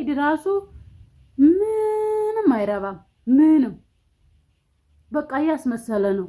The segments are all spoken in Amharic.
ኢድ ራሱ ምንም አይረባም። ምንም በቃ እያስመሰለ ነው።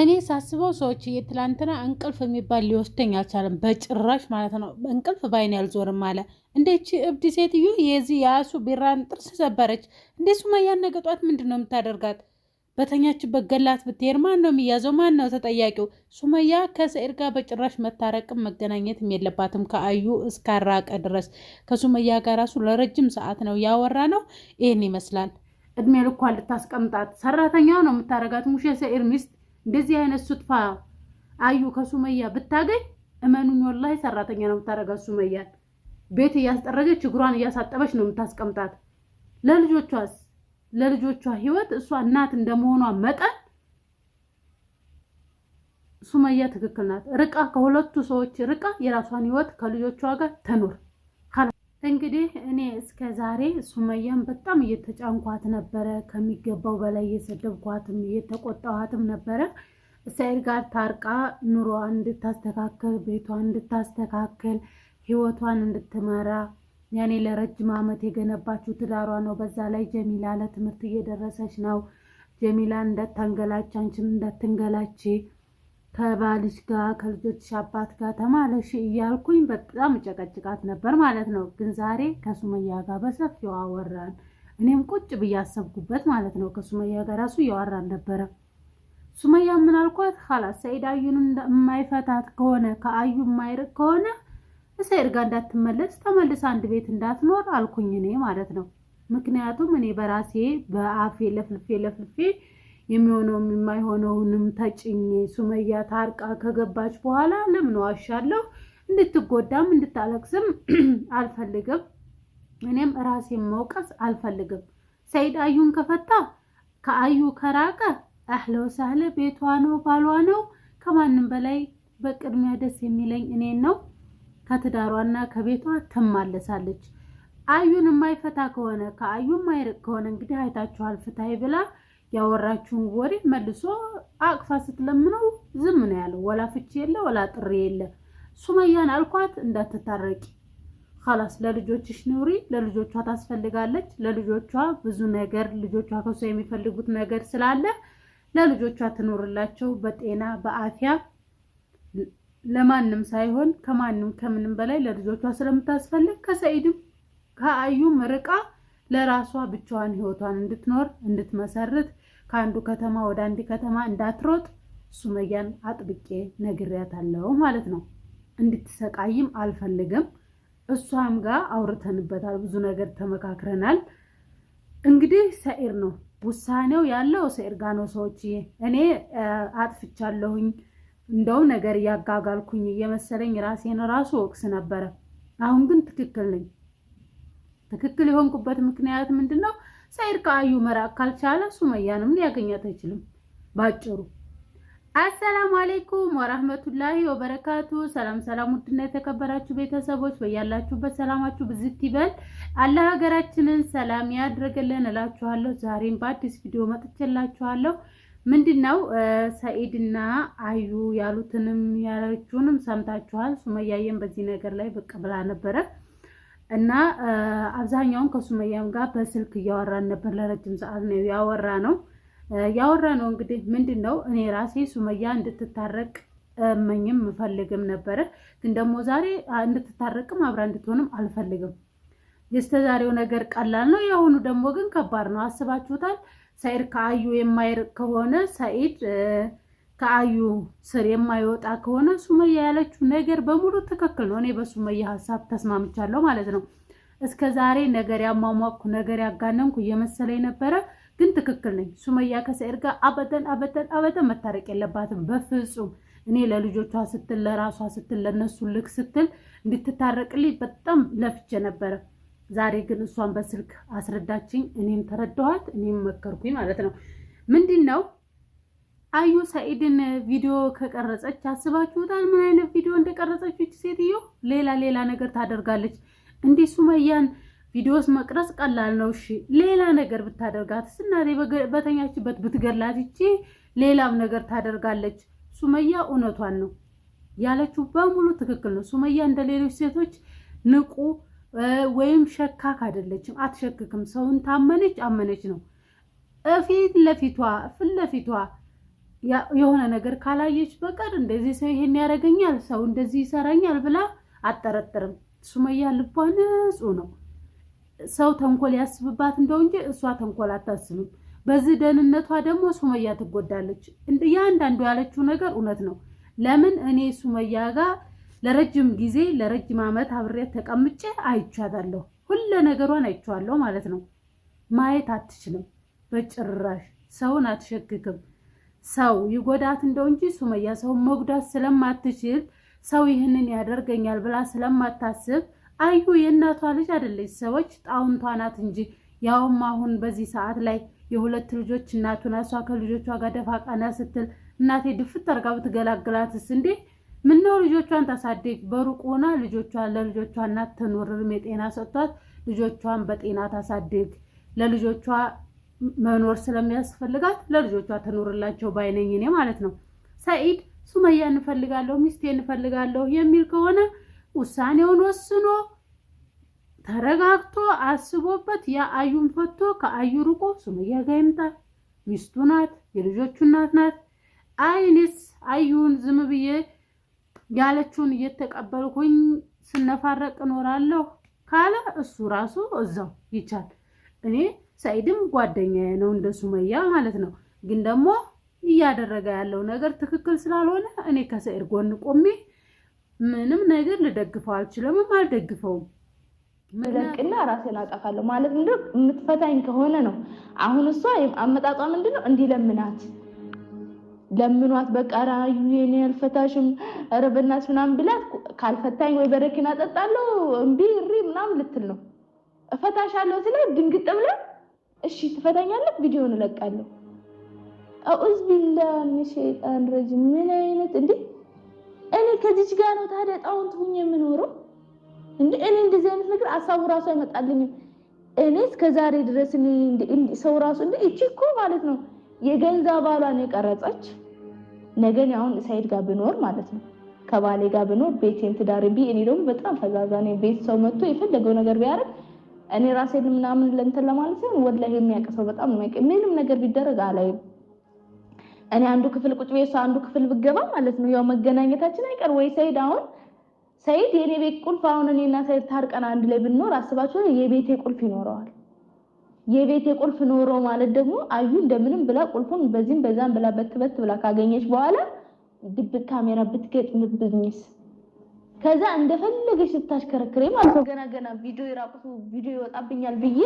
እኔ ሳስበው ሰዎች የትላንትና እንቅልፍ የሚባል ሊወስደኝ አልቻለም፣ በጭራሽ ማለት ነው። እንቅልፍ ባይን ያልዞርም አለ። እንደቺ እብድ ሴትዮ የዚህ የአሱ ቢራን ጥርስ ሰበረች። እንዴ? ሱማያን ምንድን ነው የምታደርጋት? በተኛችበት ገላት ብትሄድ ማን ነው የሚያዘው? ማን ነው ተጠያቂው? ሱመያ ከሰኢድ ጋር በጭራሽ መታረቅም መገናኘትም የለባትም። ከአዩ እስካራቀ ድረስ ከሱመያ ጋር ራሱ ለረጅም ሰዓት ነው ያወራ ነው። ይህን ይመስላል። እድሜ ልኳ ልታስቀምጣት ሰራተኛ ነው የምታረጋት። ሙሽ የሰኢድ ሚስት እንደዚህ አይነት ሱትፋ አዩ ከሱመያ ብታገኝ እመኑኝ ወላሂ ሰራተኛ ነው የምታረጋት። ሱመያ ቤት እያስጠረገች እግሯን እያሳጠበች ነው የምታስቀምጣት ለልጆቿስ ለልጆቿ ህይወት እሷ እናት እንደመሆኗ መጠን ሱመያ ትክክል ናት። ርቃ ከሁለቱ ሰዎች ርቃ የራሷን ህይወት ከልጆቿ ጋር ትኑር። እንግዲህ እኔ እስከ ዛሬ ሱመያን በጣም እየተጫንኳት ነበረ። ከሚገባው በላይ እየሰደብኳትም እየተቆጣኋትም ነበረ። እስራኤል ጋር ታርቃ ኑሮዋን እንድታስተካከል፣ ቤቷን እንድታስተካከል፣ ህይወቷን እንድትመራ ያኔ ለረጅም ዓመት የገነባችው ትዳሯ ነው። በዛ ላይ ጀሚላ ለትምህርት እየደረሰች ነው። ጀሚላ እንዳታንገላች፣ አንቺም እንዳትንገላች ከባልሽ ጋር ከልጆችሽ አባት ጋር ተማለሽ እያልኩኝ በጣም ጨቀጭቃት ነበር ማለት ነው። ግን ዛሬ ከሱመያ ጋር በሰፊው አወራን። እኔም ቁጭ ብዬ አሰብኩበት ማለት ነው። ከሱመያ ጋር ራሱ እያወራን ነበረ። ሱመያ ምን አልኳት? ኋላ ሰኢድ አዩን የማይፈታት ከሆነ ከአዩ የማይርቅ ከሆነ እሰይድ እንዳትመለስ ተመልስ አንድ ቤት እንዳትኖር አልኩኝ እኔ ማለት ነው። ምክንያቱም እኔ በራሴ በአፌ ለፍልፌ ለፍልፌ የሚሆነው የማይሆነውንም ተጭኝ ሱመያ ታርቃ ከገባች በኋላ ለምን ዋሻለሁ? እንድትጎዳም እንድታለቅስም አልፈልግም። እኔም ራሴን መውቀስ አልፈልግም። ሰይድ አዩን ከፈታ ከአዩ ከራቀ አህለው ሳህለ ቤቷ ነው ባሏ ነው። ከማንም በላይ በቅድሚያ ደስ የሚለኝ እኔን ነው። ከትዳሯና ከቤቷ ትማለሳለች። አዩን የማይፈታ ከሆነ ከአዩ የማይርቅ ከሆነ እንግዲህ አይታችኋል። ፍታይ ብላ ያወራችሁን ወሬ መልሶ አቅፋ ስትለምነው ዝም ነው ያለው። ወላ ፍቺ የለ ወላ ጥሪ የለ። ሱመያን አልኳት እንዳትታረቂ ላስ ለልጆችሽ ኑሪ። ለልጆቿ ታስፈልጋለች። ለልጆቿ ብዙ ነገር ልጆቿ ከሷ የሚፈልጉት ነገር ስላለ ለልጆቿ ትኖርላቸው በጤና በአፊያ ለማንም ሳይሆን ከማንም ከምንም በላይ ለልጆቿ ስለምታስፈልግ ከሰኢድም ከአዩም ርቃ ለራሷ ብቻዋን ህይወቷን እንድትኖር እንድትመሰርት ከአንዱ ከተማ ወደ አንድ ከተማ እንዳትሮጥ ሱመያን አጥብቄ ነግሬያታለሁ ማለት ነው። እንድትሰቃይም አልፈልግም። እሷም ጋር አውርተንበታል፣ ብዙ ነገር ተመካክረናል። እንግዲህ ሰኢድ ነው ውሳኔው ያለው፣ ሰኢድ ጋ ነው ሰዎች። እኔ አጥፍቻለሁኝ እንደው ነገር እያጋጋልኩኝ እየመሰለኝ ራሴን ራሱ ወቅስ ነበረ። አሁን ግን ትክክል ነኝ። ትክክል የሆንኩበት ምክንያት ምንድን ነው? ሰኢድ ከአዩ መራቅ ካልቻለ ሱመያንም ሊያገኛት አይችልም ባጭሩ። አሰላሙ አሌይኩም ወራህመቱላሂ ወበረካቱ። ሰላም ሰላም፣ ውድና የተከበራችሁ ቤተሰቦች በያላችሁበት ሰላማችሁ ብዝት ይበል። አላህ ሀገራችንን ሰላም ያድርግልን እላችኋለሁ። ዛሬም በአዲስ ቪዲዮ መጥቼላችኋለሁ። ምንድን ነው ሰኢድና አዩ ያሉትንም ያለችውንም ሰምታችኋል። ሱመያየም በዚህ ነገር ላይ ብቅ ብላ ነበረ እና አብዛኛውን ከሱመያም ጋር በስልክ እያወራን ነበር። ለረጅም ሰዓት ነው ያወራ ነው ያወራ ነው። እንግዲህ ምንድን ነው እኔ ራሴ ሱመያ እንድትታረቅ እመኝም ምፈልግም ነበረ፣ ግን ደግሞ ዛሬ እንድትታረቅም አብራ እንድትሆንም አልፈልግም። የስተዛሬው ነገር ቀላል ነው፣ የአሁኑ ደግሞ ግን ከባድ ነው። አስባችሁታል ሰኢድ ከአዩ የማይርቅ ከሆነ ሰይድ ከአዩ ስር የማይወጣ ከሆነ ሱመያ ያለችው ነገር በሙሉ ትክክል ነው። እኔ በሱመያ ሀሳብ ተስማምቻለሁ ማለት ነው። እስከ ዛሬ ነገር ያሟሟቅኩ ነገር ያጋነንኩ እየመሰለኝ ነበረ፣ ግን ትክክል ነኝ። ሱመያ ከሰኢድ ጋር አበጠን አበጠን አበጠን መታረቅ የለባትም በፍጹም። እኔ ለልጆቿ ስትል ለራሷ ስትል ለነሱ ልክ ስትል እንድትታረቅልኝ በጣም ለፍቼ ነበረ። ዛሬ ግን እሷን በስልክ አስረዳችኝ፣ እኔም ተረዳኋት፣ እኔም መከርኩኝ ማለት ነው። ምንድን ነው አዩ ሰኢድን ቪዲዮ ከቀረጸች አስባችሁታል? ምን አይነት ቪዲዮ እንደቀረጸች ሴትዮ ሌላ ሌላ ነገር ታደርጋለች። እንዲህ ሱመያን ቪዲዮስ መቅረጽ ቀላል ነው። እሺ ሌላ ነገር ብታደርጋት ስናዴ በተኛችበት ብትገላት ይቺ ሌላም ነገር ታደርጋለች። ሱመያ እውነቷን ነው ያለችው በሙሉ ትክክል ነው። ሱመያ እንደ ሌሎች ሴቶች ንቁ ወይም ሸካክ አይደለችም፣ አትሸክክም። ሰውን ታመነች አመነች ነው። ፊት ለፊቷ ፊት ለፊቷ የሆነ ነገር ካላየች በቀር እንደዚህ ሰው ይሄን ያደርገኛል፣ ሰው እንደዚህ ይሰራኛል ብላ አጠረጥርም። ሱመያ ልቧ ንጹህ ነው። ሰው ተንኮል ያስብባት እንደው እንጂ እሷ ተንኮል አታስብም። በዚህ ደህንነቷ ደግሞ ሱመያ ትጎዳለች። እያንዳንዱ ያለችው ነገር እውነት ነው። ለምን እኔ ሱመያ ጋር ለረጅም ጊዜ ለረጅም ዓመት አብሬያት ተቀምጬ አይቻታለሁ። ሁለ ነገሯን አይቼዋለሁ ማለት ነው። ማየት አትችልም በጭራሽ። ሰውን አትሸክክም። ሰው ይጎዳት እንደው እንጂ ሱመያ ሰውን መጉዳት ስለማትችል ሰው ይህንን ያደርገኛል ብላ ስለማታስብ አዩ የእናቷ ልጅ አይደለች፣ ሰዎች ጣውንቷ ናት እንጂ ያውም አሁን በዚህ ሰዓት ላይ የሁለት ልጆች እናቱን እሷ ከልጆቿ ጋር ደፋ ቀና ስትል እናቴ ድፍት አርጋ ብትገላግላትስ እንዴ ምነው ልጆቿን ታሳድግ በሩቅ ሆና ልጆቿን ለልጆቿ እናት ትኑር፣ እድሜ ጤና ሰጥቷት ልጆቿን በጤና ታሳድግ። ለልጆቿ መኖር ስለሚያስፈልጋት ለልጆቿ ትኑርላቸው ባይነኝ እኔ ማለት ነው። ሰኢድ ሱመያ እንፈልጋለሁ፣ ሚስቴ እንፈልጋለሁ የሚል ከሆነ ውሳኔውን ወስኖ ተረጋግቶ አስቦበት የአዩን ፈቶ ከአዩ ርቆ ሱመያ ጋ ይምጣ። ሚስቱ ናት፣ የልጆቹ እናት ናት። አይንስ አዩን ዝም ብዬ ያለችውን እየተቀበልኩኝ ስነፋረቅ እኖራለሁ ካለ እሱ ራሱ እዛው ይቻል። እኔ ሰኢድም ጓደኛዬ ነው እንደ ሱመያ ማለት ነው። ግን ደግሞ እያደረገ ያለው ነገር ትክክል ስላልሆነ እኔ ከሰኢድ ጎን ቆሜ ምንም ነገር ልደግፈው አልችልምም፣ አልደግፈውም። ምለቅና ራሴን አጠፋለሁ ማለት ምንድን የምትፈታኝ ከሆነ ነው። አሁን እሷ አመጣጧ ምንድን ነው እንዲለምናት ለምኗት በቃ ራዩ የኔ አልፈታሽም፣ ረበናስ በእናትሽ ምናምን ብላት ካልፈታኝ ወይ በረኪና ጠጣለሁ እምቢ እሪ ምናምን ልትል ነው። እፈታሻለሁ ስለ ድንግጥ ብለ እሺ ትፈታኛለህ፣ ቪዲዮን እለቃለሁ። አዑዝ ቢላ ምን ሸይጣን ረጅ ምን አይነት እንዴ! እኔ ከዚች ጋር ነው ታዲያ ጣውንት ሁኜ የምኖረው እንዴ? እኔ እንደዚህ አይነት ነገር አሳቡ ራሱ አይመጣልኝም። እኔ እስከዛሬ ድረስ ሰው ራሱ እንዴ እቺ እኮ ማለት ነው የገንዛ ባሏን የቀረጸች ነገን አሁን ሳይድ ጋር ብኖር ማለት ነው ከባሌ ጋር ብኖር ቤቴን ትዳር ቢ እኔ ደግሞ በጣም ፈዛዛ ነኝ። ቤት ሰው መጥቶ የፈለገው ነገር ቢያደርግ እኔ ራሴን ምናምን ለእንትን ለማለት ሲሆን ወላሂ የሚያቅሰው በጣም ነው። ምንም ነገር ቢደረግ አላይም። እኔ አንዱ ክፍል ቁጭ ቤት ሰው አንዱ ክፍል ብገባ ማለት ነው ያው መገናኘታችን አይቀር ወይ ሰኢድ አሁን ሰኢድ የኔ ቤት ቁልፍ አሁን እኔና ሰኢድ ታርቀን አንድ ላይ ብንኖር አስባችሁ የቤቴ ቁልፍ ይኖረዋል የቤት የቁልፍ ኖሮ ማለት ደግሞ አዩ እንደምንም ብላ ቁልፉን በዚህም በዛም ብላ በትበት ብላ ካገኘች በኋላ ድብቅ ካሜራ ብትገጥምብኝስ? ከዛ እንደፈለገች ስታሽከረክሬ ማለት ነው። ገና ገና ቪዲዮ የራቁቱ ቪዲዮ ይወጣብኛል ብዬ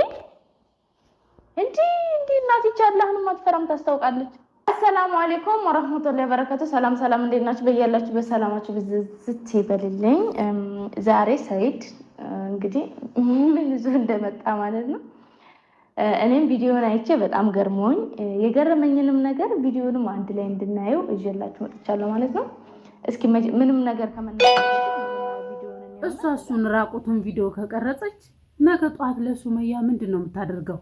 እንዲ እንዲ እናትቻ አሁንም አትፈራም ታስታውቃለች። አሰላሙ አሌይኩም ወረህመቱላሂ ወበረካቱ። ሰላም ሰላም፣ እንዴት ናችሁ? በያላችሁ በሰላማችሁ ብዝት ይበልልኝ። ዛሬ ሰይድ እንግዲህ ምን ይዞ እንደመጣ ማለት ነው እኔም ቪዲዮን አይቼ በጣም ገርሞኝ የገረመኝንም ነገር ቪዲዮንም አንድ ላይ እንድናየው እዤላችሁ መጥቻለሁ ማለት ነው። እስኪ ምንም ነገር እሷ እሱን ራቁቱን ቪዲዮ ከቀረጸች ነገ ጠዋት ለሱመያ ምንድን ነው የምታደርገው?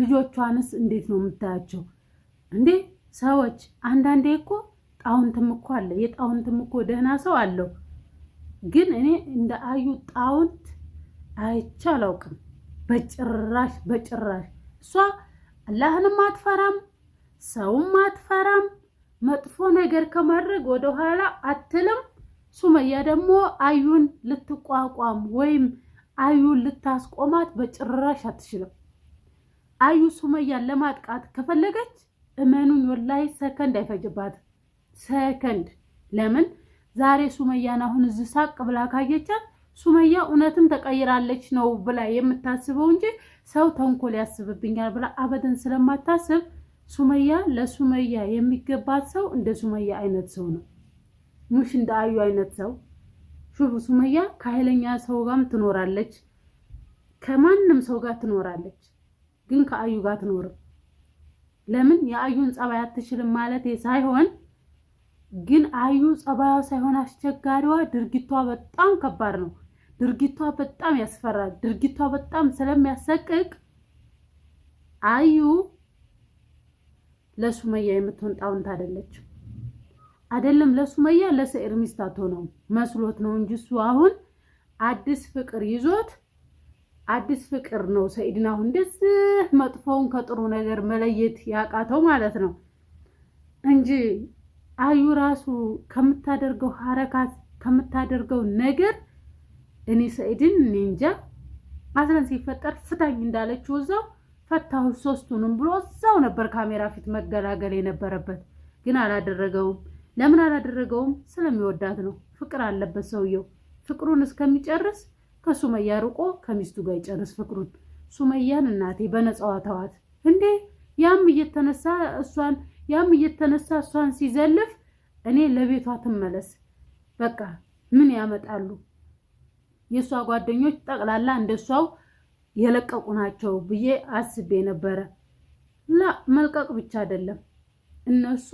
ልጆቿንስ እንዴት ነው የምታያቸው? እንዴ ሰዎች አንዳንዴ እኮ ጣውንትም እኮ አለ። የጣውንትም እኮ ደህና ሰው አለው። ግን እኔ እንደ አዩ ጣውንት አይቼ አላውቅም። በጭራሽ በጭራሽ። እሷ አላህንም አትፈራም፣ ሰውም አትፈራም። መጥፎ ነገር ከማድረግ ወደኋላ አትልም። ሱመያ ደግሞ አዩን ልትቋቋም ወይም አዩን ልታስቆማት በጭራሽ አትችልም። አዩ ሱመያን ለማጥቃት ከፈለገች እመኑኝ ወላይ ሰከንድ አይፈጅባት ሰከንድ ለምን ዛሬ ሱመያን አሁን እዚህ ሳቅ ብላ ካየቻት ሱመያ እውነትም ተቀይራለች ነው ብላ የምታስበው እንጂ ሰው ተንኮል ያስብብኛል ብላ አበደን ስለማታስብ ሱመያ ለሱመያ የሚገባት ሰው እንደ ሱመያ አይነት ሰው ነው። ሙሽ እንደ አዩ አይነት ሰው ሹፍ። ሱመያ ከኃይለኛ ሰው ጋርም ትኖራለች፣ ከማንም ሰው ጋር ትኖራለች፣ ግን ከአዩ ጋር ትኖርም። ለምን የአዩን ጸባይ አትችልም ማለት ሳይሆን ግን አዩ ጸባዩ ሳይሆን አስቸጋሪዋ ድርጊቷ በጣም ከባድ ነው። ድርጊቷ በጣም ያስፈራል። ድርጊቷ በጣም ስለሚያሰቅቅ አዩ ለሱመያ የምትሆን ጣውንት አይደለች። አይደለም ለሱመያ ለሰኢድ ሚስት አትሆነውም መስሎት ነው እንጂ እሱ አሁን አዲስ ፍቅር ይዞት አዲስ ፍቅር ነው ሰኢድን አሁን እንደዚህ መጥፎውን ከጥሩ ነገር መለየት ያቃተው ማለት ነው እንጂ አዩ ራሱ ከምታደርገው ሀረካት ከምታደርገው ነገር እኔ ሰኢድን እኔ እንጃ አስረን ሲፈጠር ፍታኝ እንዳለችው እዛው ፈታሁ ሶስቱንም ብሎ እዛው ነበር ካሜራ ፊት መገላገል የነበረበት ግን አላደረገውም። ለምን አላደረገውም? ስለሚወዳት ነው። ፍቅር አለበት ሰውየው። ፍቅሩን እስከሚጨርስ ከሱመያ ርቆ ከሚስቱ ጋር ይጨርስ ፍቅሩን። ሱመያን እናቴ በነፃዋ ተዋት እንዴ! ያም እየተነሳ እሷን ያም እየተነሳ እሷን ሲዘልፍ እኔ ለቤቷ ትመለስ። በቃ ምን ያመጣሉ? የእሷ ጓደኞች ጠቅላላ እንደሷው የለቀቁ ናቸው ብዬ አስቤ ነበረ። ላ መልቀቅ ብቻ አይደለም፣ እነሱ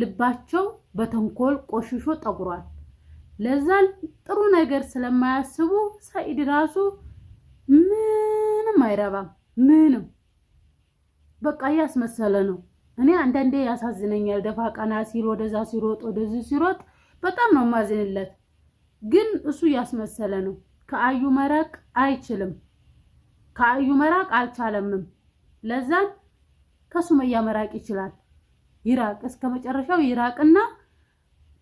ልባቸው በተንኮል ቆሽሾ ጠጉሯል። ለዛ ጥሩ ነገር ስለማያስቡ ሰኢድ ራሱ ምንም አይረባም። ምንም በቃ እያስመሰለ ነው። እኔ አንዳንዴ ያሳዝነኛል። ደፋ ቀና ሲል ወደዛ ሲሮጥ ወደዚህ ሲሮጥ በጣም ነው ማዝንለት። ግን እሱ እያስመሰለ ነው። ከአዩ መራቅ አይችልም። ከአዩ መራቅ አልቻለምም። ለዛን ከሱመያ መራቅ ይችላል። ይራቅ፣ እስከ መጨረሻው ይራቅና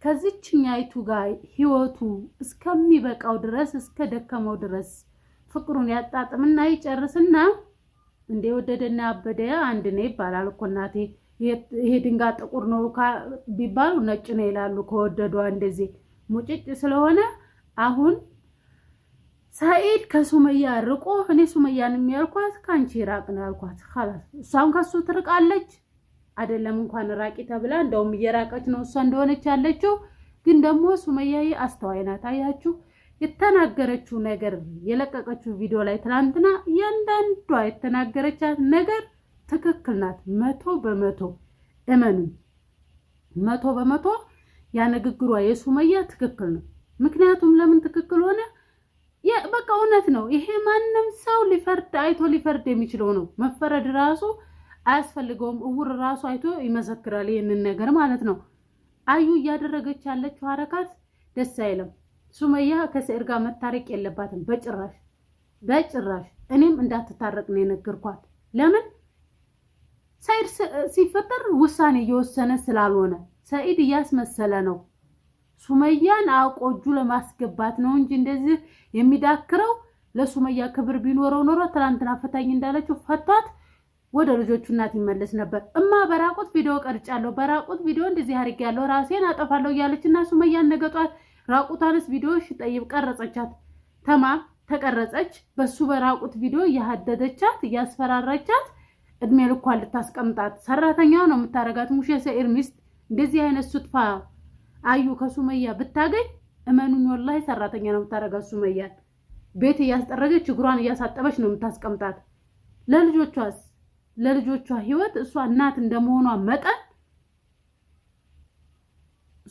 ከዚችኛይቱ ጋር ህይወቱ እስከሚበቃው ድረስ እስከ ደከመው ድረስ ፍቅሩን ያጣጥምና ይጨርስና እንደ ወደደና ያበደ አንድ ነው ይባላል እኮ እናቴ። ይሄ ድንጋይ ጥቁር ነው ቢባሉ ነጭ ነው ይላሉ ከወደዷ እንደዚህ ሙጭጭ ስለሆነ አሁን ሰኢድ ከሱመያ ርቆ እኔ ሱመያን የሚያልኳት ከአንቺ ራቅ ነው ያልኳት። ላስ እሷም ከሱ ትርቃለች አይደለም እንኳን ራቂ ተብላ እንደውም እየራቀች ነው እሷ እንደሆነች ያለችው። ግን ደግሞ ሱመያዬ አስተዋይ ናት። አያችሁ የተናገረችው ነገር የለቀቀችው ቪዲዮ ላይ ትናንትና እያንዳንዷ የተናገረቻት ነገር ትክክል ናት። መቶ በመቶ እመኑ፣ መቶ በመቶ ያ ንግግሯ የሱመያ ትክክል ነው። ምክንያቱም ለምን ትክክል ሆነ? በቃ እውነት ነው። ይሄ ማንም ሰው ሊፈርድ አይቶ ሊፈርድ የሚችለው ነው። መፈረድ ራሱ አያስፈልገውም። እውር ራሱ አይቶ ይመሰክራል። ይህንን ነገር ማለት ነው። አዩ እያደረገች ያለችው ሀረካት ደስ አይለም። ሱመያ ከስዕር ጋር መታረቅ የለባትም በጭራሽ በጭራሽ። እኔም እንዳትታረቅ ነው የነገርኳት። ለምን ሰይድ ሲፈጠር ውሳኔ እየወሰነ ስላልሆነ ሰኢድ እያስመሰለ ነው። ሱመያን አውቆ እጁ ለማስገባት ነው እንጂ እንደዚህ የሚዳክረው ለሱመያ ክብር ቢኖረው ኖሮ ትላንትና ፈታኝ እንዳለችው ፈቷት ወደ ልጆቹ እናት ይመለስ ነበር። እማ በራቁት ቪዲዮ ቀርጫለሁ፣ በራቁት ቪዲዮ እንደዚህ ያለው ራሴን አጠፋለሁ እያለች እና ሱመያን ነገጧት። ራቁቷንስ ቪዲዮ ሽጠይብ ቀረጸቻት። ተማም ተቀረጸች። በሱ በራቁት ቪዲዮ እያሀደደቻት እያስፈራራቻት እድሜ ልኳ ልታስቀምጣት ሰራተኛ ነው የምታረጋት ሙሼ የሰኢድ ሚስት እንደዚህ አይነት ስጥፋ አዩ ከሱመያ ብታገኝ እመኑኝ ወላሂ ሰራተኛ ነው የምታደርጋት። ሱመያ ቤት እያስጠረገች እግሯን እያሳጠበች ነው የምታስቀምጣት። ለልጆቿስ ለልጆቿ ህይወት እሷ እናት እንደመሆኗ መጠን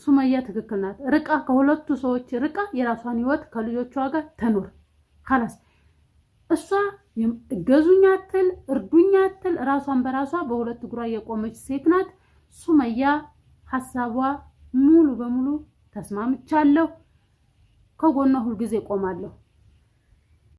ሱመያ ትክክል ናት። ርቃ ከሁለቱ ሰዎች ርቃ የራሷን ህይወት ከልጆቿ ጋር ተኖር ካላስ እሷ እገዙኛ ትል እርዱኛ ትል ራሷን በራሷ በሁለት እግሯ የቆመች ሴት ናት ሱመያ። ሀሳቧ ሙሉ በሙሉ ተስማምቻለሁ። ከጎኗ ሁልጊዜ ቆማለሁ።